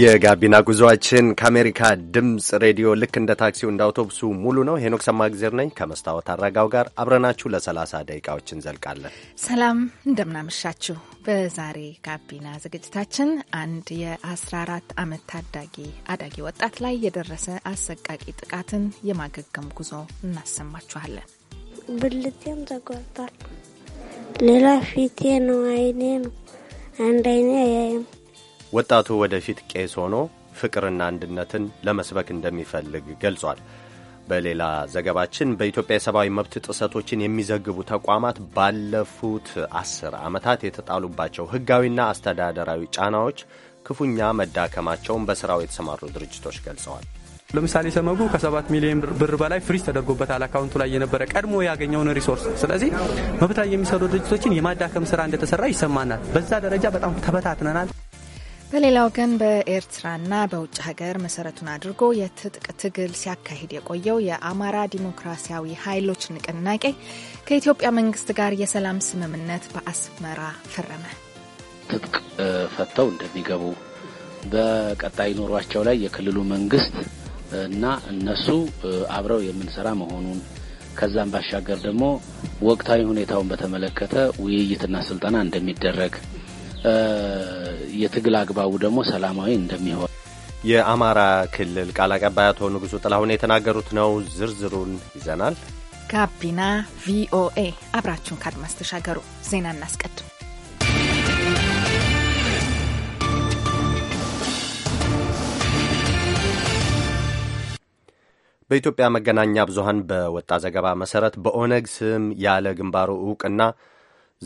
የጋቢና ጉዞአችን ከአሜሪካ ድምፅ ሬዲዮ ልክ እንደ ታክሲው እንደ አውቶቡሱ ሙሉ ነው። ሄኖክ ሰማእግዜር ነኝ ከመስታወት አረጋው ጋር አብረናችሁ ለ30 ደቂቃዎች እንዘልቃለን። ሰላም እንደምናመሻችሁ። በዛሬ ጋቢና ዝግጅታችን አንድ የ14 ዓመት ታዳጊ አዳጊ ወጣት ላይ የደረሰ አሰቃቂ ጥቃትን የማገገም ጉዞ እናሰማችኋለን። ብልቴም ተጎድቷል። ሌላ ፊቴ ነው፣ አይኔ ነው፣ አንድ አይኔ አያይም ወጣቱ ወደፊት ቄስ ሆኖ ፍቅርና አንድነትን ለመስበክ እንደሚፈልግ ገልጿል። በሌላ ዘገባችን በኢትዮጵያ የሰብአዊ መብት ጥሰቶችን የሚዘግቡ ተቋማት ባለፉት አስር ዓመታት የተጣሉባቸው ሕጋዊና አስተዳደራዊ ጫናዎች ክፉኛ መዳከማቸውን በሥራው የተሰማሩ ድርጅቶች ገልጸዋል። ለምሳሌ ሰመጉ ከሰባት ሚሊዮን ብር በላይ ፍሪዝ ተደርጎበታል አካውንቱ ላይ የነበረ ቀድሞ ያገኘውን ሪሶርስ። ስለዚህ ላይ የሚሰሩ ድርጅቶችን የማዳከም ስራ እንደተሰራ ይሰማናል። በዛ ደረጃ በጣም ተበታትነናል። በሌላ ወገን በኤርትራና በውጭ ሀገር መሰረቱን አድርጎ የትጥቅ ትግል ሲያካሂድ የቆየው የአማራ ዲሞክራሲያዊ ኃይሎች ንቅናቄ ከኢትዮጵያ መንግስት ጋር የሰላም ስምምነት በአስመራ ፈረመ። ትጥቅ ፈተው እንደሚገቡ በቀጣይ ኑሯቸው ላይ የክልሉ መንግስት እና እነሱ አብረው የምንሰራ መሆኑን ከዛም ባሻገር ደግሞ ወቅታዊ ሁኔታውን በተመለከተ ውይይትና ስልጠና እንደሚደረግ የትግል አግባቡ ደግሞ ሰላማዊ እንደሚሆን የአማራ ክልል ቃል አቀባይ አቶ ንጉሱ ጥላሁን የተናገሩት ነው። ዝርዝሩን ይዘናል። ጋቢና ቪኦኤ አብራችሁን ካድማስ ተሻገሩ። ዜና እናስቀድም። በኢትዮጵያ መገናኛ ብዙሃን በወጣ ዘገባ መሰረት በኦነግ ስም ያለ ግንባሩ እውቅና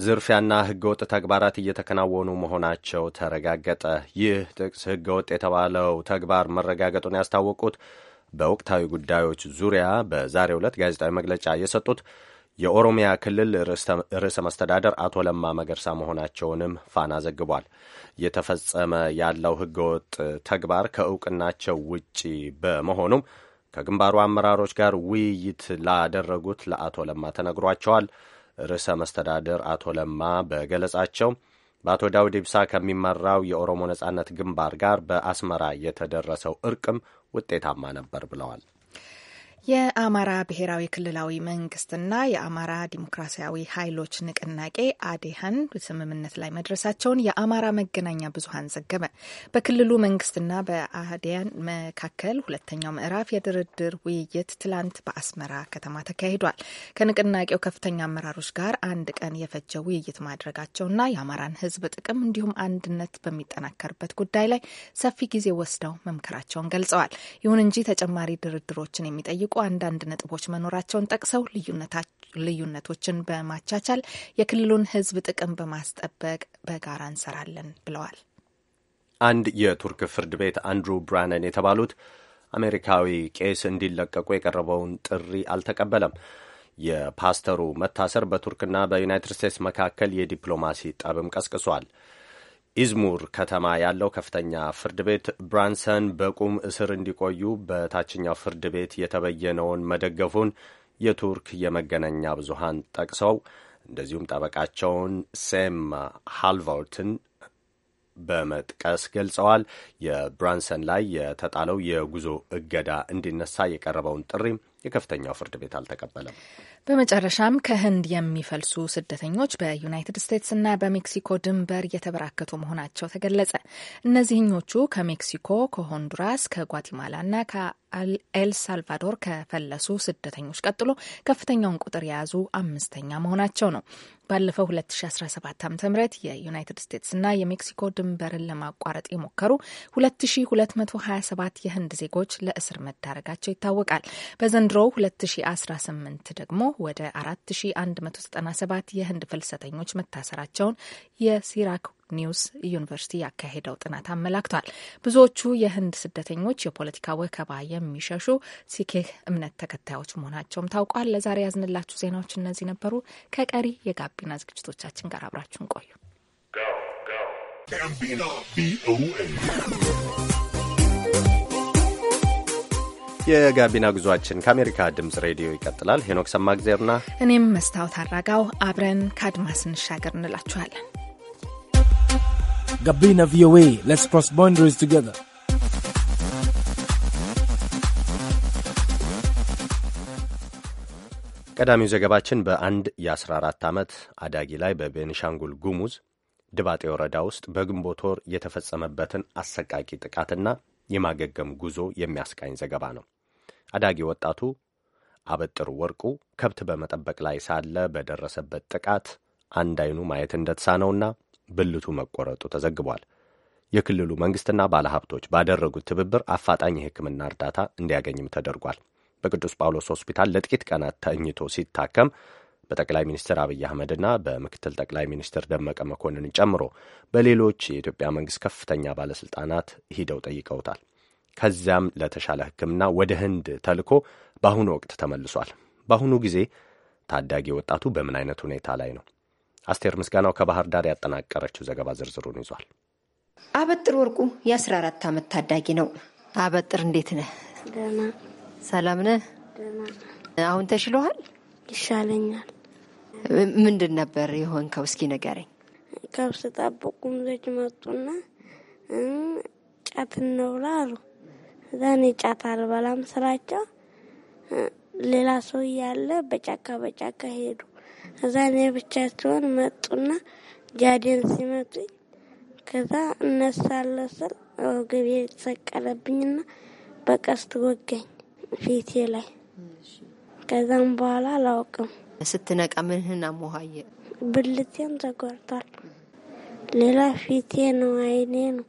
ዝርፊያና ህገወጥ ተግባራት እየተከናወኑ መሆናቸው ተረጋገጠ። ይህ ጥቅስ ህገወጥ የተባለው ተግባር መረጋገጡን ያስታወቁት በወቅታዊ ጉዳዮች ዙሪያ በዛሬው ዕለት ጋዜጣዊ መግለጫ የሰጡት የኦሮሚያ ክልል ርዕሰ መስተዳደር አቶ ለማ መገርሳ መሆናቸውንም ፋና ዘግቧል። እየተፈጸመ ያለው ህገወጥ ተግባር ከእውቅናቸው ውጪ በመሆኑም ከግንባሩ አመራሮች ጋር ውይይት ላደረጉት ለአቶ ለማ ተነግሯቸዋል። ርዕሰ መስተዳድር አቶ ለማ በገለጻቸው በአቶ ዳውድ ኢብሳ ከሚመራው የኦሮሞ ነጻነት ግንባር ጋር በአስመራ የተደረሰው እርቅም ውጤታማ ነበር ብለዋል። የአማራ ብሔራዊ ክልላዊ መንግስትና የአማራ ዲሞክራሲያዊ ኃይሎች ንቅናቄ አዴህን ስምምነት ላይ መድረሳቸውን የአማራ መገናኛ ብዙኃን ዘገበ። በክልሉ መንግስትና በአዴህን መካከል ሁለተኛው ምዕራፍ የድርድር ውይይት ትላንት በአስመራ ከተማ ተካሂዷል። ከንቅናቄው ከፍተኛ አመራሮች ጋር አንድ ቀን የፈጀ ውይይት ማድረጋቸውና የአማራን ህዝብ ጥቅም እንዲሁም አንድነት በሚጠናከርበት ጉዳይ ላይ ሰፊ ጊዜ ወስደው መምከራቸውን ገልጸዋል። ይሁን እንጂ ተጨማሪ ድርድሮችን የሚጠይቁ አንዳንድ ነጥቦች መኖራቸውን ጠቅሰው ልዩነቶችን በማቻቻል የክልሉን ሕዝብ ጥቅም በማስጠበቅ በጋራ እንሰራለን ብለዋል። አንድ የቱርክ ፍርድ ቤት አንድሩ ብራነን የተባሉት አሜሪካዊ ቄስ እንዲለቀቁ የቀረበውን ጥሪ አልተቀበለም። የፓስተሩ መታሰር በቱርክና በዩናይትድ ስቴትስ መካከል የዲፕሎማሲ ጠብም ቀስቅሷል። ኢዝሙር ከተማ ያለው ከፍተኛ ፍርድ ቤት ብራንሰን በቁም እስር እንዲቆዩ በታችኛው ፍርድ ቤት የተበየነውን መደገፉን የቱርክ የመገናኛ ብዙሃን ጠቅሰው እንደዚሁም ጠበቃቸውን ሴም ሃልቫርትን በመጥቀስ ገልጸዋል። የብራንሰን ላይ የተጣለው የጉዞ እገዳ እንዲነሳ የቀረበውን ጥሪም የከፍተኛው ፍርድ ቤት አልተቀበለም። በመጨረሻም ከህንድ የሚፈልሱ ስደተኞች በዩናይትድ ስቴትስና በሜክሲኮ ድንበር እየተበራከቱ መሆናቸው ተገለጸ። እነዚህኞቹ ከሜክሲኮ፣ ከሆንዱራስ፣ ከጓቲማላና ከኤል ሳልቫዶር ከፈለሱ ስደተኞች ቀጥሎ ከፍተኛውን ቁጥር የያዙ አምስተኛ መሆናቸው ነው። ባለፈው 2017 ዓ ም የዩናይትድ ስቴትስና የሜክሲኮ ድንበርን ለማቋረጥ የሞከሩ 2227 የህንድ ዜጎች ለእስር መዳረጋቸው ይታወቃል። በዘንድሮ 2018 ደግሞ ወደ 4197 የህንድ ፍልሰተኞች መታሰራቸውን የሲራክ ኒውስ ዩኒቨርሲቲ ያካሄደው ጥናት አመላክቷል። ብዙዎቹ የህንድ ስደተኞች የፖለቲካ ወከባ የሚሸሹ ሲኬህ እምነት ተከታዮች መሆናቸውም ታውቋል። ለዛሬ ያዝንላችሁ ዜናዎች እነዚህ ነበሩ። ከቀሪ የጋቢና ዝግጅቶቻችን ጋር አብራችሁን ቆዩ። የጋቢና ጉዟችን ከአሜሪካ ድምጽ ሬዲዮ ይቀጥላል። ሄኖክ ሰማግዜርና እኔም መስታወት አራጋው አብረን ከአድማስ እንሻገር እንላችኋለን። Gabina VOA. Let's cross boundaries together. ቀዳሚው ዘገባችን በአንድ የ14 ዓመት አዳጊ ላይ በቤኒሻንጉል ጉሙዝ ድባጤ ወረዳ ውስጥ በግንቦት ወር የተፈጸመበትን አሰቃቂ ጥቃትና የማገገም ጉዞ የሚያስቃኝ ዘገባ ነው። አዳጊ ወጣቱ አበጥር ወርቁ ከብት በመጠበቅ ላይ ሳለ በደረሰበት ጥቃት አንድ አይኑ ማየት እንደተሳነውና ብልቱ መቆረጡ ተዘግቧል። የክልሉ መንግስትና ባለሀብቶች ባደረጉት ትብብር አፋጣኝ የሕክምና እርዳታ እንዲያገኝም ተደርጓል። በቅዱስ ጳውሎስ ሆስፒታል ለጥቂት ቀናት ተኝቶ ሲታከም በጠቅላይ ሚኒስትር አብይ አህመድና በምክትል ጠቅላይ ሚኒስትር ደመቀ መኮንን ጨምሮ በሌሎች የኢትዮጵያ መንግስት ከፍተኛ ባለስልጣናት ሂደው ጠይቀውታል። ከዚያም ለተሻለ ሕክምና ወደ ህንድ ተልኮ በአሁኑ ወቅት ተመልሷል። በአሁኑ ጊዜ ታዳጊ ወጣቱ በምን አይነት ሁኔታ ላይ ነው? አስቴር ምስጋናው ከባህር ዳር ያጠናቀረችው ዘገባ ዝርዝሩን ይዟል። አበጥር ወርቁ የ14 ዓመት ታዳጊ ነው። አበጥር እንዴት ነህ? ደህና ሰላም ነህ? አሁን ተሽሎሃል? ይሻለኛል። ምንድን ነበር የሆንከው? እስኪ ንገረኝ። ከብስ ጠብቁ ጉምዞች መጡና ጫት እንብላ አሉ። እዛ እኔ ጫት አልበላም ስላቸው ሌላ ሰው እያለ በጫካ በጫካ ሄዱ። ከዛ እኔ ብቻቸውን መጡና ጃዴን ሲመቱኝ ከዛ እነሳለሁ ስል ወገቤ የተሰቀለብኝና በቀስት ወገኝ ፊቴ ላይ። ከዛም በኋላ አላውቅም። ስትነቃ ምንህና ሞሀየ ብልቴን ተጎርቷል። ሌላ ፊቴ ነው፣ አይኔ ነው።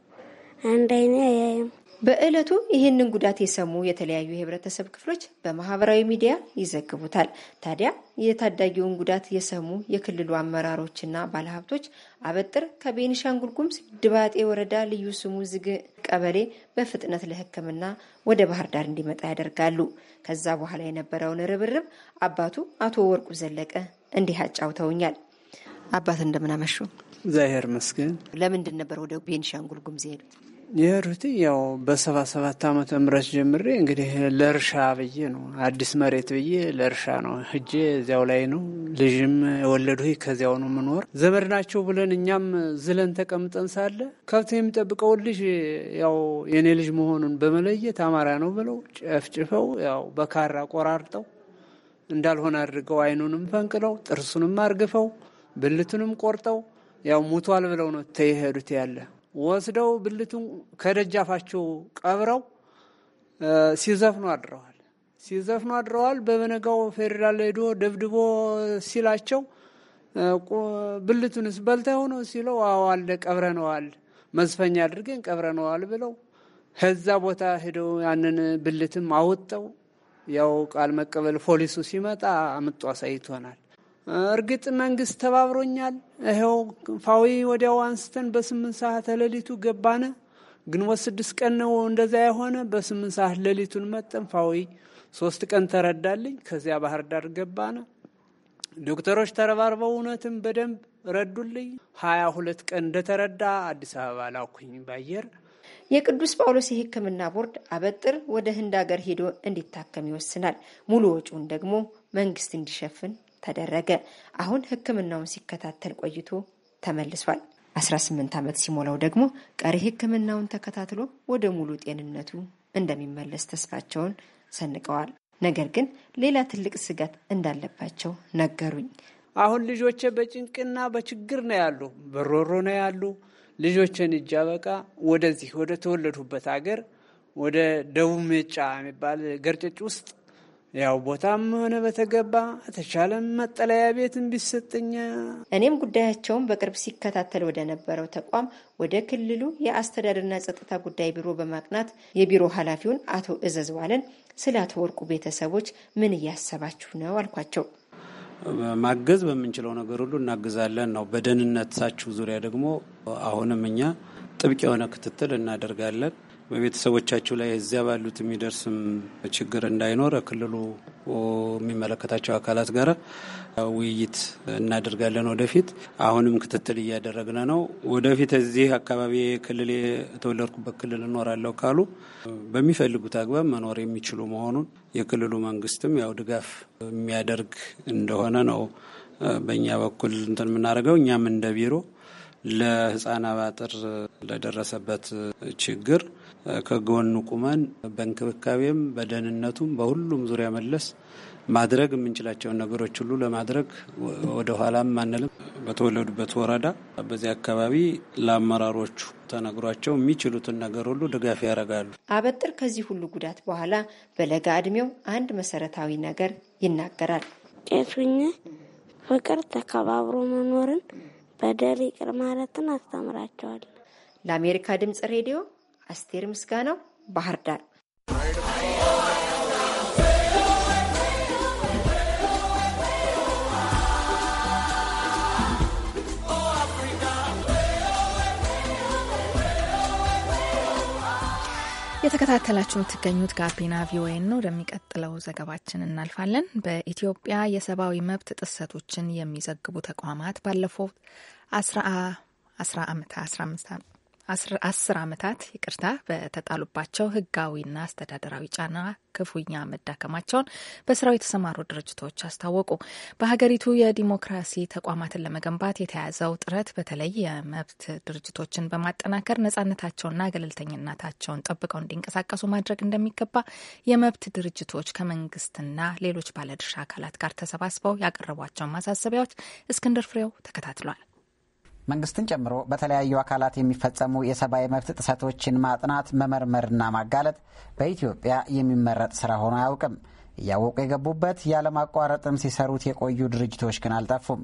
አንድ አይኔ አያይም። በዕለቱ ይህንን ጉዳት የሰሙ የተለያዩ የህብረተሰብ ክፍሎች በማህበራዊ ሚዲያ ይዘግቡታል። ታዲያ የታዳጊውን ጉዳት የሰሙ የክልሉ አመራሮችና ባለሀብቶች አበጥር ከቤኒሻንጉል ጉሙዝ ድባጤ ወረዳ ልዩ ስሙ ዝግ ቀበሌ በፍጥነት ለሕክምና ወደ ባህር ዳር እንዲመጣ ያደርጋሉ። ከዛ በኋላ የነበረውን ርብርብ አባቱ አቶ ወርቁ ዘለቀ እንዲህ አጫውተውኛል። አባት እንደምናመሹ ዛሄር መስገን። ለምንድን ነበር ወደ ቤኒሻንጉል ጉሙዝ የሄዱት? የሩት ያው በሰባ ሰባት ዓመተ ምህረት ጀምሬ እንግዲህ ለእርሻ ብዬ ነው አዲስ መሬት ብዬ ለእርሻ ነው ህጄ እዚያው ላይ ነው ልጅም የወለዱ ከዚያው ነው ምኖር ዘመድ ናቸው ብለን እኛም ዝለን ተቀምጠን ሳለ ከብት የሚጠብቀውን ልጅ ያው የኔ ልጅ መሆኑን በመለየት አማራ ነው ብለው ጨፍጭፈው ያው በካራ ቆራርጠው እንዳልሆነ አድርገው አይኑንም ፈንቅለው ጥርሱንም አርግፈው ብልቱንም ቆርጠው ያው ሙቷል ብለው ነው ተይሄዱት ያለ ወስደው ብልቱን ከደጃፋቸው ቀብረው ሲዘፍኑ አድረዋል። ሲዘፍኑ አድረዋል። በበነጋው ፌዴራል ሄዶ ደብድቦ ሲላቸው ብልቱንስ በልተ ሆኖ ሲለው አዋለ ቀብረነዋል፣ መዝፈኛ አድርገን ቀብረነዋል ብለው ከዛ ቦታ ሄደው ያንን ብልትም አወጠው ያው ቃል መቀበል ፖሊሱ ሲመጣ አምጦ አሳይቶናል። እርግጥ መንግስት ተባብሮኛል። ይኸው ፋዊ ወዲያው አንስተን በስምንት ሰዓት ሌሊቱ ገባነ። ግንቦት ስድስት ቀን ነው እንደዛ የሆነ። በስምንት ሰዓት ሌሊቱን መጠን ፋዊ ሶስት ቀን ተረዳልኝ። ከዚያ ባህር ዳር ገባነ። ዶክተሮች ተረባርበው እውነትም በደንብ ረዱልኝ። ሀያ ሁለት ቀን እንደተረዳ አዲስ አበባ ላኩኝ ባየር። የቅዱስ ጳውሎስ የሕክምና ቦርድ አበጥር ወደ ህንድ ሀገር ሄዶ እንዲታከም ይወስናል። ሙሉ ወጪውን ደግሞ መንግስት እንዲሸፍን ተደረገ። አሁን ሕክምናውን ሲከታተል ቆይቶ ተመልሷል። 18 ዓመት ሲሞላው ደግሞ ቀሪ ሕክምናውን ተከታትሎ ወደ ሙሉ ጤንነቱ እንደሚመለስ ተስፋቸውን ሰንቀዋል። ነገር ግን ሌላ ትልቅ ስጋት እንዳለባቸው ነገሩኝ። አሁን ልጆቼ በጭንቅና በችግር ነው ያሉ፣ በሮሮ ነው ያሉ። ልጆቼን እጃ በቃ ወደዚህ ወደ ተወለዱበት አገር ወደ ደቡብ ሜጫ የሚባል ገርጨጭ ውስጥ ያው ቦታም ሆነ በተገባ ተቻለም መጠለያ ቤትም ቢሰጠኛ። እኔም ጉዳያቸውን በቅርብ ሲከታተል ወደ ነበረው ተቋም ወደ ክልሉ የአስተዳደርና ጸጥታ ጉዳይ ቢሮ በማቅናት የቢሮ ኃላፊውን አቶ እዘዝዋለን ስለ አቶ ወርቁ ቤተሰቦች ምን እያሰባችሁ ነው አልኳቸው። ማገዝ በምንችለው ነገር ሁሉ እናግዛለን ነው። በደህንነታችሁ ዙሪያ ደግሞ አሁንም እኛ ጥብቅ የሆነ ክትትል እናደርጋለን። በቤተሰቦቻቸው ላይ እዚያ ባሉት የሚደርስም ችግር እንዳይኖር ክልሉ የሚመለከታቸው አካላት ጋር ውይይት እናደርጋለን። ወደፊት አሁንም ክትትል እያደረግን ነው። ወደፊት እዚህ አካባቢ ክልል የተወለድኩበት ክልል እኖራለሁ ካሉ በሚፈልጉት አግባብ መኖር የሚችሉ መሆኑን የክልሉ መንግስትም ያው ድጋፍ የሚያደርግ እንደሆነ ነው በእኛ በኩል እንትን የምናደርገው እኛም እንደ ቢሮ ለህፃን አባጥር ለደረሰበት ችግር ከጎኑ ቁመን በእንክብካቤም በደህንነቱም በሁሉም ዙሪያ መለስ ማድረግ የምንችላቸውን ነገሮች ሁሉ ለማድረግ ወደኋላም አንልም። በተወለዱበት ወረዳ በዚህ አካባቢ ለአመራሮቹ ተነግሯቸው የሚችሉትን ነገር ሁሉ ድጋፍ ያደርጋሉ። አበጥር ከዚህ ሁሉ ጉዳት በኋላ በለጋ እድሜው አንድ መሰረታዊ ነገር ይናገራል። ቄሱኝ ፍቅር፣ ተከባብሮ መኖርን፣ በደል ይቅር ማለትን አስተምራቸዋል። ለአሜሪካ ድምጽ ሬዲዮ አስቴር ምስጋናው ባህር ዳር። የተከታተላችሁ የምትገኙት ጋቢና ቪኦኤ ነው። ወደሚቀጥለው ዘገባችን እናልፋለን። በኢትዮጵያ የሰብአዊ መብት ጥሰቶችን የሚዘግቡ ተቋማት ባለፈው አስራ አምስት አስር ዓመታት ይቅርታ በተጣሉባቸው ህጋዊና አስተዳደራዊ ጫና ክፉኛ መዳከማቸውን በስራው የተሰማሩ ድርጅቶች አስታወቁ። በሀገሪቱ የዲሞክራሲ ተቋማትን ለመገንባት የተያዘው ጥረት በተለይ የመብት ድርጅቶችን በማጠናከር ነጻነታቸውና ገለልተኝነታቸውን ጠብቀው እንዲንቀሳቀሱ ማድረግ እንደሚገባ የመብት ድርጅቶች ከመንግስትና ሌሎች ባለድርሻ አካላት ጋር ተሰባስበው ያቀረቧቸውን ማሳሰቢያዎች እስክንድር ፍሬው ተከታትሏል። መንግስትን ጨምሮ በተለያዩ አካላት የሚፈጸሙ የሰብአዊ መብት ጥሰቶችን ማጥናት መመርመርና ማጋለጥ በኢትዮጵያ የሚመረጥ ስራ ሆኖ አያውቅም። እያወቁ የገቡበት ያለማቋረጥም ሲሰሩት የቆዩ ድርጅቶች ግን አልጠፉም።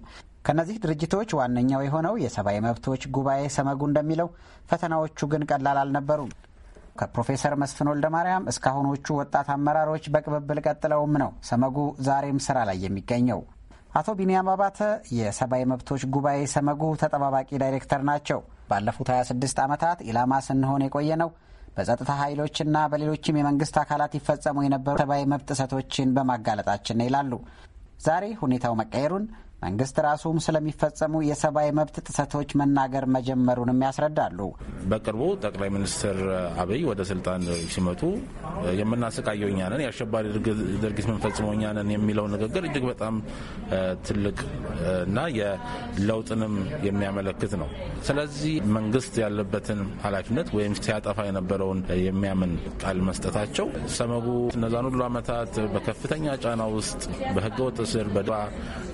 ከነዚህ ድርጅቶች ዋነኛው የሆነው የሰብአዊ መብቶች ጉባኤ ሰመጉ እንደሚለው ፈተናዎቹ ግን ቀላል አልነበሩም። ከፕሮፌሰር መስፍን ወልደ ማርያም እስካሁኖቹ ወጣት አመራሮች በቅብብል ቀጥለውም ነው ሰመጉ ዛሬም ስራ ላይ የሚገኘው። አቶ ቢንያም አባተ የሰብአዊ መብቶች ጉባኤ ሰመጉ ተጠባባቂ ዳይሬክተር ናቸው። ባለፉት 26 ዓመታት ኢላማ ስንሆን የቆየ ነው በጸጥታ ኃይሎችና በሌሎችም የመንግስት አካላት ይፈጸሙ የነበሩ ሰብአዊ መብት ጥሰቶችን በማጋለጣችን ነው ይላሉ። ዛሬ ሁኔታው መቀየሩን መንግስት ራሱም ስለሚፈጸሙ የሰብአዊ መብት ጥሰቶች መናገር መጀመሩንም ያስረዳሉ። በቅርቡ ጠቅላይ ሚኒስትር አብይ ወደ ስልጣን ሲመጡ የምናሰቃየው እኛ ነን፣ የአሸባሪ ድርጊት የምንፈጽመው እኛ ነን የሚለው ንግግር እጅግ በጣም ትልቅ እና የለውጥንም የሚያመለክት ነው። ስለዚህ መንግስት ያለበትን ኃላፊነት ወይም ሲያጠፋ የነበረውን የሚያምን ቃል መስጠታቸው ሰመጉ እነዛን ሁሉ አመታት በከፍተኛ ጫና ውስጥ በህገወጥ እስር በድ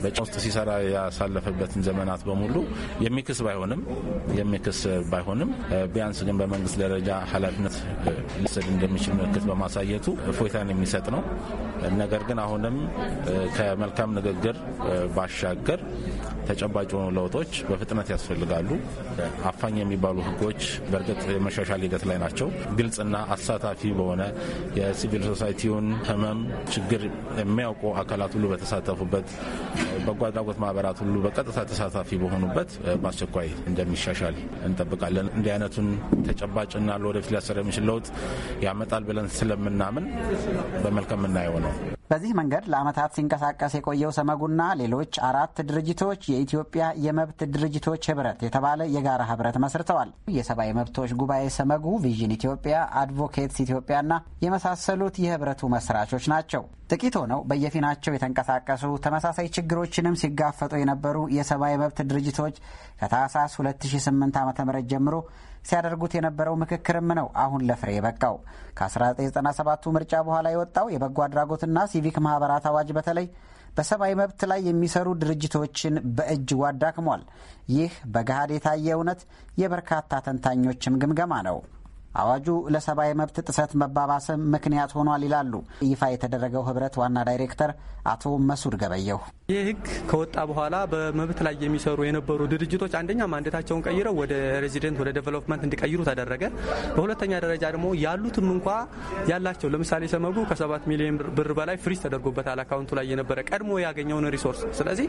በጫ ውስጥ ሲሰራ ያሳለፈበትን ዘመናት በሙሉ የሚክስ ባይሆንም የሚክስ ባይሆንም ቢያንስ ግን በመንግስት ደረጃ ኃላፊነት ሊሰድ እንደሚችል ምልክት በማሳየቱ እፎይታን የሚሰጥ ነው። ነገር ግን አሁንም ከመልካም ንግግር ባሻገር ተጨባጭ የሆኑ ለውጦች በፍጥነት ያስፈልጋሉ። አፋኝ የሚባሉ ህጎች በእርግጥ የመሻሻል ሂደት ላይ ናቸው። ግልጽና አሳታፊ በሆነ የሲቪል ሶሳይቲውን ህመም ችግር የሚያውቁ አካላት ሁሉ በተሳተፉበት በጓዳ ፍላጎት ማህበራት ሁሉ በቀጥታ ተሳታፊ በሆኑበት በአስቸኳይ እንደሚሻሻል እንጠብቃለን። እንዲህ አይነቱን ተጨባጭና ለወደፊት ሊያሰር የሚችል ለውጥ ያመጣል ብለን ስለምናምን በመልካም የምናየው ነው። በዚህ መንገድ ለዓመታት ሲንቀሳቀስ የቆየው ሰመጉና ሌሎች አራት ድርጅቶች የኢትዮጵያ የመብት ድርጅቶች ህብረት የተባለ የጋራ ህብረት መስርተዋል። የሰብአዊ መብቶች ጉባኤ ሰመጉ፣ ቪዥን ኢትዮጵያ፣ አድቮኬትስ ኢትዮጵያና የመሳሰሉት የህብረቱ መስራቾች ናቸው። ጥቂት ሆነው በየፊናቸው የተንቀሳቀሱ ተመሳሳይ ችግሮችንም ሲጋፈጡ የነበሩ የሰብአዊ መብት ድርጅቶች ከታህሳስ 2008 ዓ ም ጀምሮ ሲያደርጉት የነበረው ምክክርም ነው አሁን ለፍሬ የበቃው። ከ1997ቱ ምርጫ በኋላ የወጣው የበጎ አድራጎትና ሲቪክ ማህበራት አዋጅ በተለይ በሰብአዊ መብት ላይ የሚሰሩ ድርጅቶችን በእጅጉ አዳክሟል። ይህ በገሃድ የታየ እውነት የበርካታ ተንታኞችም ግምገማ ነው። አዋጁ ለሰብአዊ መብት ጥሰት መባባስም ምክንያት ሆኗል ይላሉ ይፋ የተደረገው ህብረት ዋና ዳይሬክተር አቶ መሱድ ገበየሁ። ይህ ህግ ከወጣ በኋላ በመብት ላይ የሚሰሩ የነበሩ ድርጅቶች አንደኛ ማንዴታቸውን ቀይረው ወደ ሬዚደንት ወደ ዴቨሎፕመንት እንዲቀይሩ ተደረገ። በሁለተኛ ደረጃ ደግሞ ያሉትም እንኳ ያላቸው ለምሳሌ ሰመጉ ከሰባት ሚሊዮን ብር በላይ ፍሪዝ ተደርጎበታል አካውንቱ ላይ የነበረ ቀድሞ ያገኘውን ሪሶርስ። ስለዚህ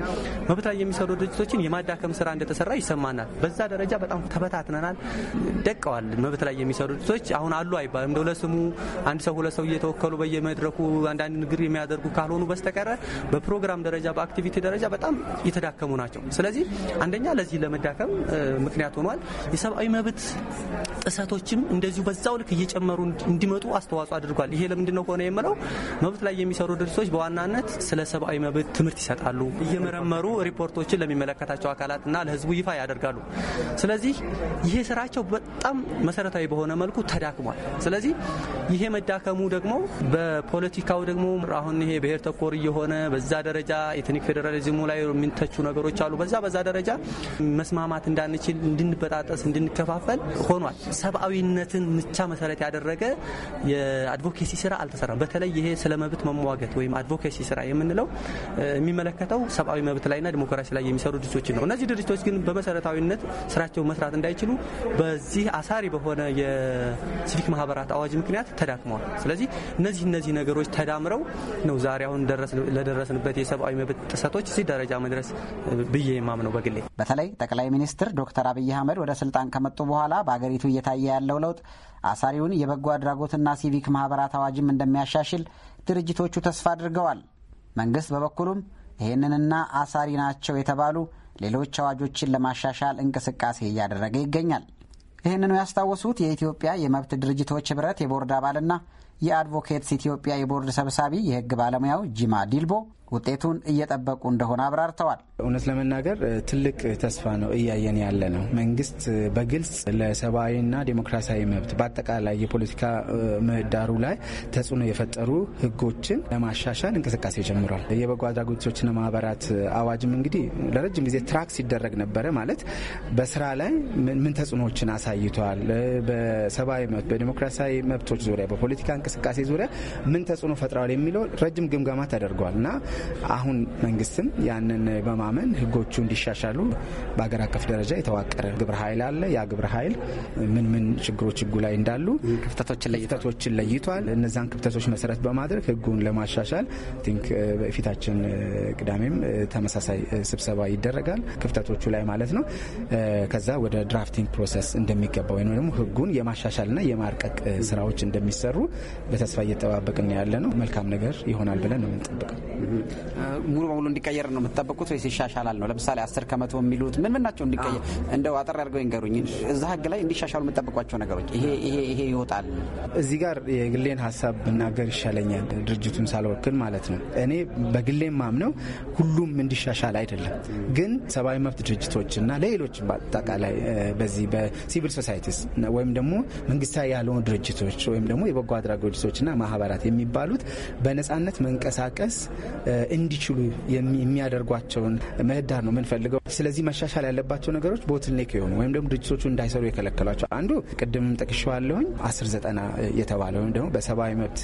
መብት ላይ የሚሰሩ ድርጅቶችን የማዳከም ስራ እንደተሰራ ይሰማናል። በዛ ደረጃ በጣም ተበታትነናል፣ ደቀዋል መብት ላይ የሚሰሩ ድርጅቶች አሁን አሉ አይባል እንደው ለስሙ አንድ ሰው ሁለት ሰው እየተወከሉ በየመድረኩ አንዳንድ ንግግር የሚያደርጉ ካልሆኑ በስተቀረ በፕሮግራም ደረጃ በአክቲቪቲ ደረጃ በጣም የተዳከሙ ናቸው። ስለዚህ አንደኛ ለዚህ ለመዳከም ምክንያት ሆኗል። የሰብአዊ መብት ጥሰቶችም እንደዚሁ በዛው ልክ እየጨመሩ እንዲመጡ አስተዋጽኦ አድርጓል። ይሄ ለምንድነው ከሆነ የምለው መብት ላይ የሚሰሩ ድርጅቶች በዋናነት ስለ ሰብአዊ መብት ትምህርት ይሰጣሉ፣ እየመረመሩ ሪፖርቶችን ለሚመለከታቸው አካላትና ለህዝቡ ይፋ ያደርጋሉ። ስለዚህ ይሄ ስራቸው በጣም መሰረታዊ በሆነ መልኩ ተዳክሟል። ስለዚህ ይሄ መዳከሙ ደግሞ በፖለቲካው ደግሞ አሁን ይሄ ብሔር ተኮር እየሆነ በዛ ደረጃ ኤትኒክ ፌዴራሊዝሙ ላይ የሚንተቹ ነገሮች አሉ። በዛ በዛ ደረጃ መስማማት እንዳንችል፣ እንድንበጣጠስ፣ እንድንከፋፈል ሆኗል። ሰብአዊነትን ብቻ መሰረት ያደረገ የአድቮኬሲ ስራ አልተሰራም። በተለይ ይሄ ስለ መብት መሟገት ወይም አድቮኬሲ ስራ የምንለው የሚመለከተው ሰብአዊ መብት ላይና ዲሞክራሲ ላይ የሚሰሩ ድርጅቶችን ነው። እነዚህ ድርጅቶች ግን በመሰረታዊነት ስራቸውን መስራት እንዳይችሉ በዚህ አሳሪ በሆነ በሲቪክ ማህበራት አዋጅ ምክንያት ተዳክመዋል። ስለዚህ እነዚህ እነዚህ ነገሮች ተዳምረው ነው ዛሬ አሁን ለደረስንበት የሰብአዊ መብት ጥሰቶች እዚህ ደረጃ መድረስ ብዬ የማምነው በግሌ። በተለይ ጠቅላይ ሚኒስትር ዶክተር አብይ አህመድ ወደ ስልጣን ከመጡ በኋላ በአገሪቱ እየታየ ያለው ለውጥ አሳሪውን የበጎ አድራጎትና ሲቪክ ማህበራት አዋጅም እንደሚያሻሽል ድርጅቶቹ ተስፋ አድርገዋል። መንግስት በበኩሉም ይህንንና አሳሪ ናቸው የተባሉ ሌሎች አዋጆችን ለማሻሻል እንቅስቃሴ እያደረገ ይገኛል። ይህንኑ ያስታወሱት የኢትዮጵያ የመብት ድርጅቶች ህብረት የቦርድ አባልና የአድቮኬትስ ኢትዮጵያ የቦርድ ሰብሳቢ የህግ ባለሙያው ጂማ ዲልቦ ውጤቱን እየጠበቁ እንደሆነ አብራርተዋል። እውነት ለመናገር ትልቅ ተስፋ ነው እያየን ያለ ነው። መንግስት በግልጽ ለሰብአዊና ዴሞክራሲያዊ መብት በአጠቃላይ የፖለቲካ ምህዳሩ ላይ ተጽዕኖ የፈጠሩ ህጎችን ለማሻሻል እንቅስቃሴ ጀምሯል። የበጎ አድራጎቶችና ማህበራት አዋጅም እንግዲህ ለረጅም ጊዜ ትራክ ሲደረግ ነበረ። ማለት በስራ ላይ ምን ተጽዕኖዎችን አሳይቷል፣ በሰብአዊ መብት፣ በዴሞክራሲያዊ መብቶች ዙሪያ፣ በፖለቲካ እንቅስቃሴ ዙሪያ ምን ተጽዕኖ ፈጥረዋል የሚለው ረጅም ግምገማ ተደርጓል እና አሁን መንግስትም ያንን በማመን ህጎቹ እንዲሻሻሉ በሀገር አቀፍ ደረጃ የተዋቀረ ግብረ ኃይል አለ። ያ ግብረ ኃይል ምን ምን ችግሮች ህጉ ላይ እንዳሉ ክፍተቶችን ለይቷል። እነዛን ክፍተቶች መሰረት በማድረግ ህጉን ለማሻሻል ቲንክ በፊታችን ቅዳሜም ተመሳሳይ ስብሰባ ይደረጋል። ክፍተቶቹ ላይ ማለት ነው። ከዛ ወደ ድራፍቲንግ ፕሮሰስ እንደሚገባ ወይም ደግሞ ህጉን የማሻሻልና የማርቀቅ ስራዎች እንደሚሰሩ በተስፋ እየጠባበቅን ያለ ነው። መልካም ነገር ይሆናል ብለን ነው የምንጠብቀው። ሙሉ በሙሉ እንዲቀየር ነው የምትጠብቁት ወይስ ይሻሻላል ነው? ለምሳሌ አስር ከመቶ የሚሉት ምን ምን ናቸው? እንዲቀየር እንደው አጠር አድርገው ይንገሩኝ። እዛ ህግ ላይ እንዲሻሻሉ የምጠብቋቸው ነገሮች ይሄ ይሄ ይወጣል። እዚህ ጋር የግሌን ሀሳብ ብናገር ይሻለኛል፣ ድርጅቱን ሳልወክል ማለት ነው። እኔ በግሌን ማምነው ሁሉም እንዲሻሻል አይደለም፣ ግን ሰብአዊ መብት ድርጅቶች እና ለሌሎች በአጠቃላይ በዚህ በሲቪል ሶሳይቲስ ወይም ደግሞ መንግስታዊ ያልሆኑ ድርጅቶች ወይም ደግሞ የበጎ ድርጅቶች ድርጅቶችና ማህበራት የሚባሉት በነጻነት መንቀሳቀስ እንዲችሉ የሚያደርጓቸውን ምህዳር ነው የምንፈልገው። ስለዚህ መሻሻል ያለባቸው ነገሮች ቦትልኔክ የሆኑ ወይም ደግሞ ድርጅቶቹ እንዳይሰሩ የከለከሏቸው አንዱ ቅድምም ጠቅሸዋለሁኝ አስር ዘጠና የተባለ ወይም ደግሞ በሰብአዊ መብት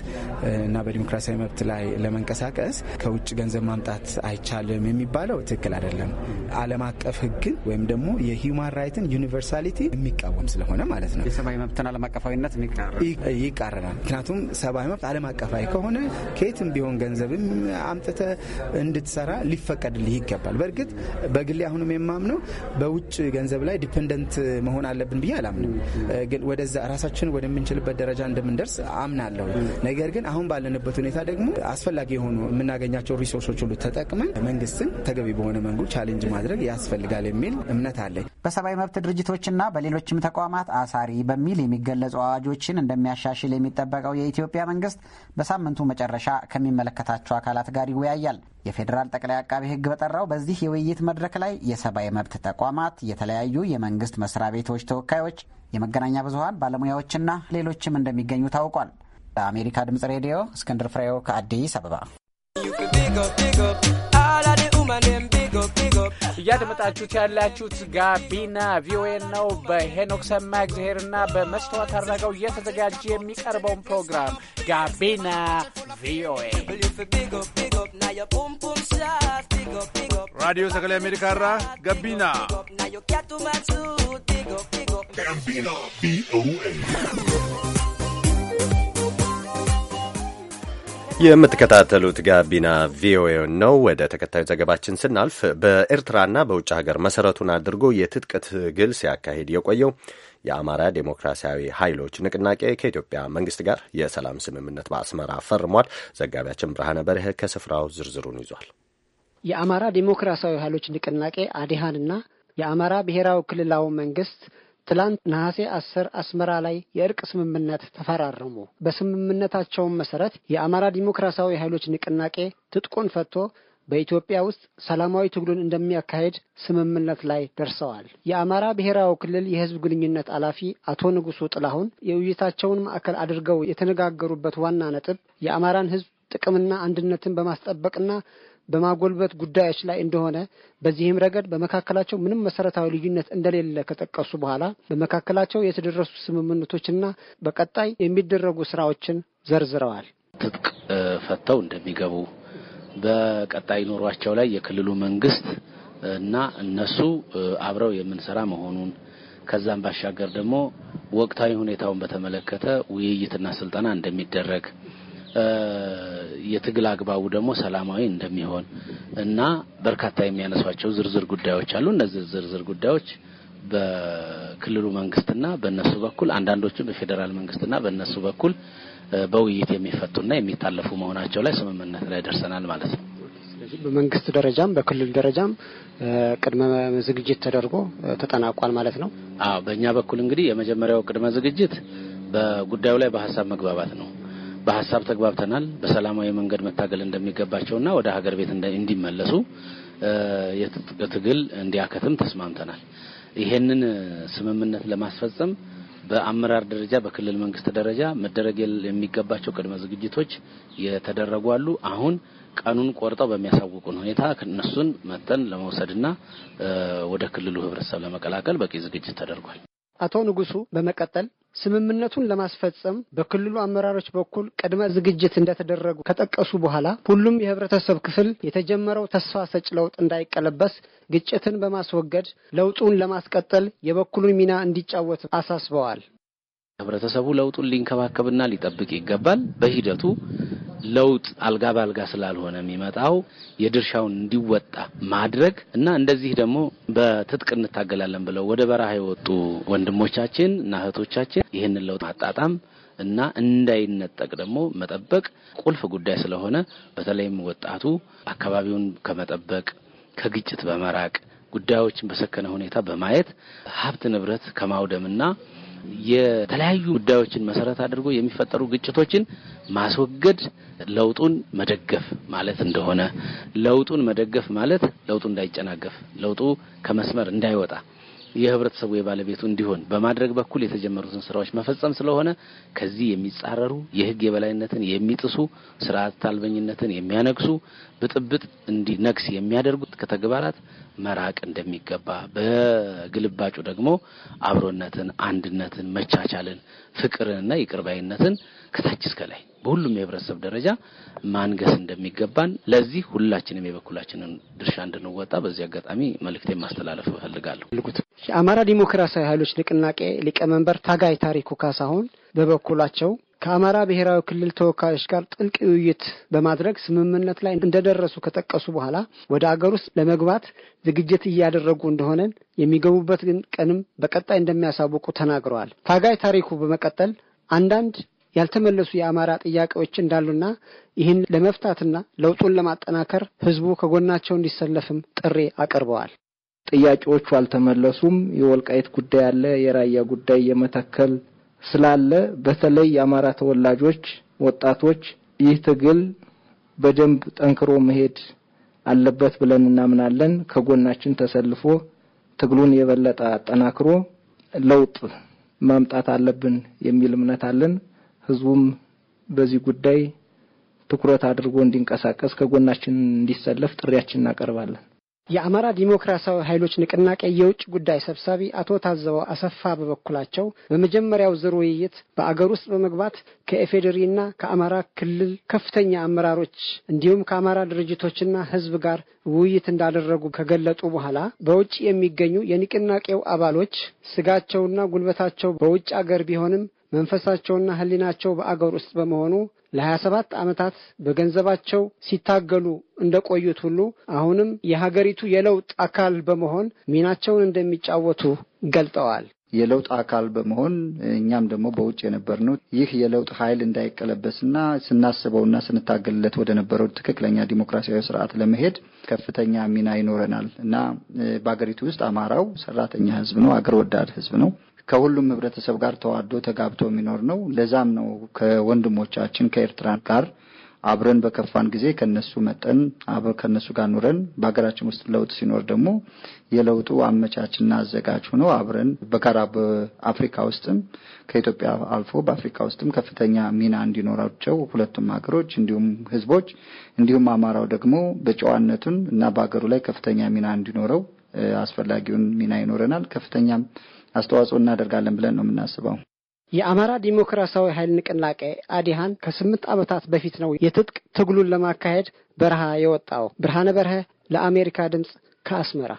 እና በዲሞክራሲያዊ መብት ላይ ለመንቀሳቀስ ከውጭ ገንዘብ ማምጣት አይቻልም የሚባለው ትክክል አይደለም። ዓለም አቀፍ ሕግን ወይም ደግሞ የሂውማን ራይትን ዩኒቨርሳሊቲ የሚቃወም ስለሆነ ማለት ነው። የሰብአዊ መብትን ዓለም አቀፋዊነት ይቃረናል። ምክንያቱም ሰብአዊ መብት ዓለም አቀፋዊ ከሆነ ከየትም ቢሆን ገንዘብም አምጥተ አንተ እንድትሰራ ሊፈቀድልህ ይገባል። በእርግጥ በግሌ አሁንም የማምነው በውጭ ገንዘብ ላይ ዲፐንደንት መሆን አለብን ብዬ አላምንም። ግን ወደዛ ራሳችን ወደምንችልበት ደረጃ እንደምንደርስ አምናለሁ። ነገር ግን አሁን ባለንበት ሁኔታ ደግሞ አስፈላጊ የሆኑ የምናገኛቸው ሪሶርሶች ሁሉ ተጠቅመን መንግስትን ተገቢ በሆነ መንገድ ቻሌንጅ ማድረግ ያስፈልጋል የሚል እምነት አለኝ። በሰብአዊ መብት ድርጅቶችና በሌሎችም ተቋማት አሳሪ በሚል የሚገለጹ አዋጆችን እንደሚያሻሽል የሚጠበቀው የኢትዮጵያ መንግስት በሳምንቱ መጨረሻ ከሚመለከታቸው አካላት ጋር ይወያል ይወያያል። የፌዴራል ጠቅላይ አቃቢ ሕግ በጠራው በዚህ የውይይት መድረክ ላይ የሰብአዊ መብት ተቋማት፣ የተለያዩ የመንግስት መስሪያ ቤቶች ተወካዮች፣ የመገናኛ ብዙሀን ባለሙያዎችና ሌሎችም እንደሚገኙ ታውቋል። ለአሜሪካ ድምጽ ሬዲዮ እስክንድር ፍሬው ከአዲስ አበባ እያደመጣችሁት ያላችሁት ጋቢና ቪኦኤ ነው። በሄኖክ ሰማ እግዚአብሔርና በመስተዋት አድረገው እየተዘጋጀ የሚቀርበውን ፕሮግራም ጋቢና ቪኦኤ ራዲዮ አሜሪካ ራ ጋቢና ጋቢና ቪኦኤ የምትከታተሉት ጋቢና ቪኦኤ ነው። ወደ ተከታዩ ዘገባችን ስናልፍ በኤርትራና በውጭ ሀገር መሰረቱን አድርጎ የትጥቅ ትግል ሲያካሂድ የቆየው የአማራ ዴሞክራሲያዊ ኃይሎች ንቅናቄ ከኢትዮጵያ መንግስት ጋር የሰላም ስምምነት በአስመራ ፈርሟል። ዘጋቢያችን ብርሃነ በርህ ከስፍራው ዝርዝሩን ይዟል። የአማራ ዴሞክራሲያዊ ኃይሎች ንቅናቄ አዲሃንና የአማራ ብሔራዊ ክልላዊ መንግስት ትላንት ነሐሴ አስር አስመራ ላይ የእርቅ ስምምነት ተፈራረሙ። በስምምነታቸውም መሰረት የአማራ ዲሞክራሲያዊ ኃይሎች ንቅናቄ ትጥቁን ፈቶ በኢትዮጵያ ውስጥ ሰላማዊ ትግሉን እንደሚያካሄድ ስምምነት ላይ ደርሰዋል። የአማራ ብሔራዊ ክልል የህዝብ ግንኙነት ኃላፊ አቶ ንጉሱ ጥላሁን የውይይታቸውን ማዕከል አድርገው የተነጋገሩበት ዋና ነጥብ የአማራን ህዝብ ጥቅምና አንድነትን በማስጠበቅና በማጎልበት ጉዳዮች ላይ እንደሆነ በዚህም ረገድ በመካከላቸው ምንም መሰረታዊ ልዩነት እንደሌለ ከጠቀሱ በኋላ በመካከላቸው የተደረሱ ስምምነቶችና በቀጣይ የሚደረጉ ስራዎችን ዘርዝረዋል። ትጥቅ ፈተው እንደሚገቡ በቀጣይ ኑሯቸው ላይ የክልሉ መንግስት እና እነሱ አብረው የምንሰራ መሆኑን ከዛም ባሻገር ደግሞ ወቅታዊ ሁኔታውን በተመለከተ ውይይትና ስልጠና እንደሚደረግ የትግል አግባቡ ደግሞ ሰላማዊ እንደሚሆን እና በርካታ የሚያነሷቸው ዝርዝር ጉዳዮች አሉ። እነዚህ ዝርዝር ጉዳዮች በክልሉ መንግስትና በእነሱ በኩል አንዳንዶቹ በፌዴራል መንግስትና በእነሱ በኩል በውይይት የሚፈቱና የሚታለፉ መሆናቸው ላይ ስምምነት ላይ ደርሰናል ማለት ነው። ስለዚህ በመንግስት ደረጃም በክልል ደረጃም ቅድመ ዝግጅት ተደርጎ ተጠናቋል ማለት ነው። አዎ፣ በእኛ በኩል እንግዲህ የመጀመሪያው ቅድመ ዝግጅት በጉዳዩ ላይ በሀሳብ መግባባት ነው። በሀሳብ ተግባብተናል። በሰላማዊ መንገድ መታገል እንደሚገባቸውና ወደ ሀገር ቤት እንዲመለሱ ትግል እንዲያከትም ተስማምተናል። ይሄንን ስምምነት ለማስፈጸም በአመራር ደረጃ በክልል መንግስት ደረጃ መደረግ የሚገባቸው ቅድመ ዝግጅቶች የተደረጉ አሉ። አሁን ቀኑን ቆርጠው በሚያሳውቁን ሁኔታ እነሱን መጠን ለመውሰድና ወደ ክልሉ ህብረተሰብ ለመቀላቀል በቂ ዝግጅት ተደርጓል። አቶ ንጉሱ በመቀጠል ስምምነቱን ለማስፈጸም በክልሉ አመራሮች በኩል ቅድመ ዝግጅት እንደተደረጉ ከጠቀሱ በኋላ ሁሉም የህብረተሰብ ክፍል የተጀመረው ተስፋ ሰጭ ለውጥ እንዳይቀለበስ ግጭትን በማስወገድ ለውጡን ለማስቀጠል የበኩሉን ሚና እንዲጫወት አሳስበዋል። ህብረተሰቡ ለውጡን ሊንከባከብና ሊጠብቅ ይገባል። በሂደቱ ለውጥ አልጋ ባልጋ ስላልሆነ የሚመጣው የድርሻውን እንዲወጣ ማድረግ እና እንደዚህ ደግሞ በትጥቅ እንታገላለን ብለው ወደ በረሃ የወጡ ወንድሞቻችን እና እህቶቻችን ይህንን ለውጥ ማጣጣም እና እንዳይነጠቅ ደግሞ መጠበቅ ቁልፍ ጉዳይ ስለሆነ በተለይም ወጣቱ አካባቢውን ከመጠበቅ ከግጭት በመራቅ ጉዳዮችን በሰከነ ሁኔታ በማየት ሀብት ንብረት ከማውደምና የተለያዩ ጉዳዮችን መሰረት አድርጎ የሚፈጠሩ ግጭቶችን ማስወገድ ለውጡን መደገፍ ማለት እንደሆነ፣ ለውጡን መደገፍ ማለት ለውጡ እንዳይጨናገፍ፣ ለውጡ ከመስመር እንዳይወጣ የህብረተሰቡ የባለቤቱ እንዲሆን በማድረግ በኩል የተጀመሩትን ስራዎች መፈጸም ስለሆነ ከዚህ የሚጻረሩ የህግ የበላይነትን የሚጥሱ ስርዓት አልበኝነትን የሚያነግሱ ብጥብጥ እንዲነግስ የሚያደርጉት ከተግባራት መራቅ እንደሚገባ በግልባጩ ደግሞ አብሮነትን፣ አንድነትን፣ መቻቻልን፣ ፍቅርንና ይቅርባይነትን ከታች እስከ ላይ በሁሉም የህብረተሰብ ደረጃ ማንገስ እንደሚገባን ለዚህ ሁላችንም የበኩላችንን ድርሻ እንድንወጣ በዚህ አጋጣሚ መልእክቴን ማስተላለፍ እፈልጋለሁ። የአማራ ዲሞክራሲያዊ ኃይሎች ንቅናቄ ሊቀመንበር ታጋይ ታሪኩ ካሳሁን በበኩላቸው ከአማራ ብሔራዊ ክልል ተወካዮች ጋር ጥልቅ ውይይት በማድረግ ስምምነት ላይ እንደደረሱ ከጠቀሱ በኋላ ወደ አገር ውስጥ ለመግባት ዝግጅት እያደረጉ እንደሆነ የሚገቡበት ቀንም በቀጣይ እንደሚያሳውቁ ተናግረዋል። ታጋይ ታሪኩ በመቀጠል አንዳንድ ያልተመለሱ የአማራ ጥያቄዎች እንዳሉና ይህን ለመፍታትና ለውጡን ለማጠናከር ህዝቡ ከጎናቸው እንዲሰለፍም ጥሪ አቅርበዋል። ጥያቄዎቹ አልተመለሱም። የወልቃይት ጉዳይ አለ፣ የራያ ጉዳይ የመተከል ስላለ በተለይ የአማራ ተወላጆች ወጣቶች ይህ ትግል በደንብ ጠንክሮ መሄድ አለበት ብለን እናምናለን። ከጎናችን ተሰልፎ ትግሉን የበለጠ አጠናክሮ ለውጥ ማምጣት አለብን የሚል እምነት አለን። ህዝቡም በዚህ ጉዳይ ትኩረት አድርጎ እንዲንቀሳቀስ ከጎናችን እንዲሰለፍ ጥሪያችን እናቀርባለን። የአማራ ዲሞክራሲያዊ ኃይሎች ንቅናቄ የውጭ ጉዳይ ሰብሳቢ አቶ ታዘበው አሰፋ በበኩላቸው በመጀመሪያው ዙር ውይይት በአገር ውስጥ በመግባት ከኢፌዴሪና ከአማራ ክልል ከፍተኛ አመራሮች እንዲሁም ከአማራ ድርጅቶችና ህዝብ ጋር ውይይት እንዳደረጉ ከገለጡ በኋላ በውጭ የሚገኙ የንቅናቄው አባሎች ስጋቸውና ጉልበታቸው በውጭ አገር ቢሆንም መንፈሳቸውና ሕሊናቸው በአገር ውስጥ በመሆኑ ለሀያ ሰባት ዓመታት በገንዘባቸው ሲታገሉ እንደቆዩት ሁሉ አሁንም የሀገሪቱ የለውጥ አካል በመሆን ሚናቸውን እንደሚጫወቱ ገልጠዋል። የለውጥ አካል በመሆን እኛም ደግሞ በውጭ የነበርነው ይህ የለውጥ ኃይል እንዳይቀለበስና ስናስበውና ስንታገልለት ወደ ነበረው ትክክለኛ ዲሞክራሲያዊ ስርዓት ለመሄድ ከፍተኛ ሚና ይኖረናል እና በሀገሪቱ ውስጥ አማራው ሰራተኛ ህዝብ ነው፣ አገር ወዳድ ህዝብ ነው። ከሁሉም ህብረተሰብ ጋር ተዋዶ ተጋብቶ የሚኖር ነው። ለዛም ነው ከወንድሞቻችን ከኤርትራ ጋር አብረን በከፋን ጊዜ ከነሱ መጠን ከነሱ ጋር ኑረን በሀገራችን ውስጥ ለውጥ ሲኖር ደግሞ የለውጡ አመቻችና አዘጋጅ ሆኖ አብረን በጋራ በአፍሪካ ውስጥም ከኢትዮጵያ አልፎ በአፍሪካ ውስጥም ከፍተኛ ሚና እንዲኖራቸው ሁለቱም ሀገሮች እንዲሁም ህዝቦች እንዲሁም አማራው ደግሞ በጨዋነቱን እና በሀገሩ ላይ ከፍተኛ ሚና እንዲኖረው አስፈላጊውን ሚና ይኖረናል። ከፍተኛም አስተዋጽኦ እናደርጋለን ብለን ነው የምናስበው። የአማራ ዲሞክራሲያዊ ኃይል ንቅናቄ አዲሃን ከስምንት ዓመታት በፊት ነው የትጥቅ ትግሉን ለማካሄድ በረሃ የወጣው። ብርሃነ በርሀ ለአሜሪካ ድምፅ ከአስመራ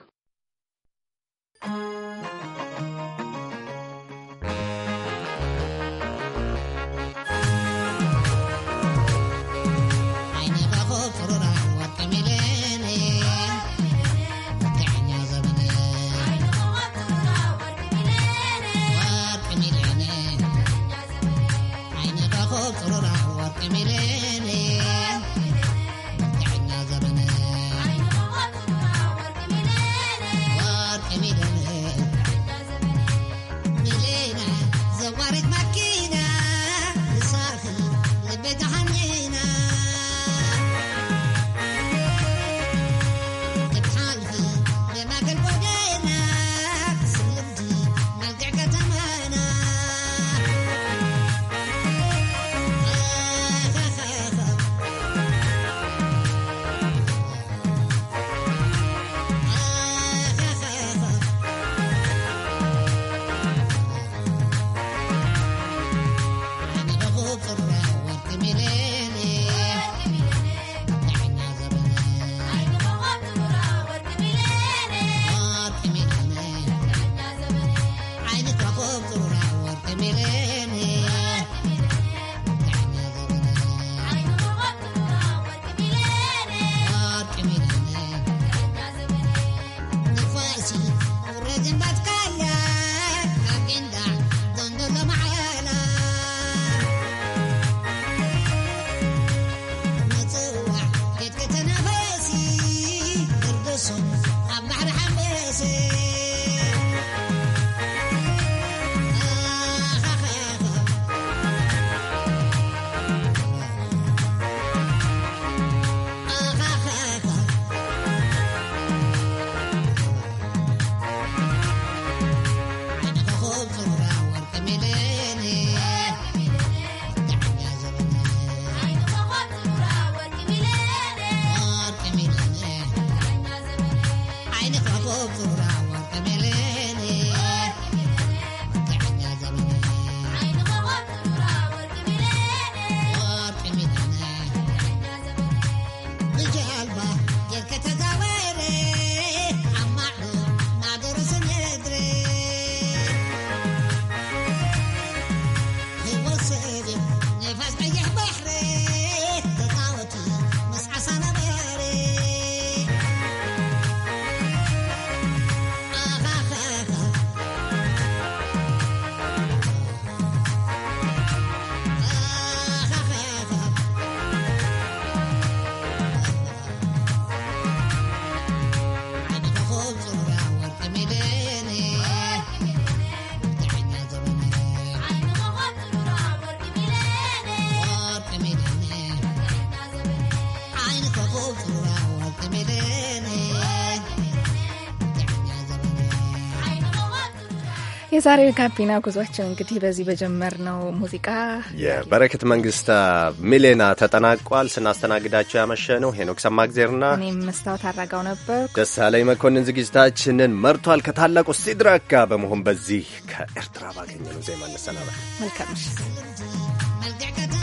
የዛሬ የጋቢና ጉዟችን እንግዲህ በዚህ በጀመርነው ሙዚቃ የበረከት መንግስት ሚሌና ተጠናቋል። ስናስተናግዳቸው ያመሸ ነው ሄኖክ ሰማግዜርና እኔም መስታወት አድረጋው ነበር። ደሳለኝ መኮንን ዝግጅታችንን መርቷል። ከታላቁ ሲድራክ ጋር በመሆን በዚህ ከኤርትራ ባገኘነው ዜማ እንሰናበል። መልካም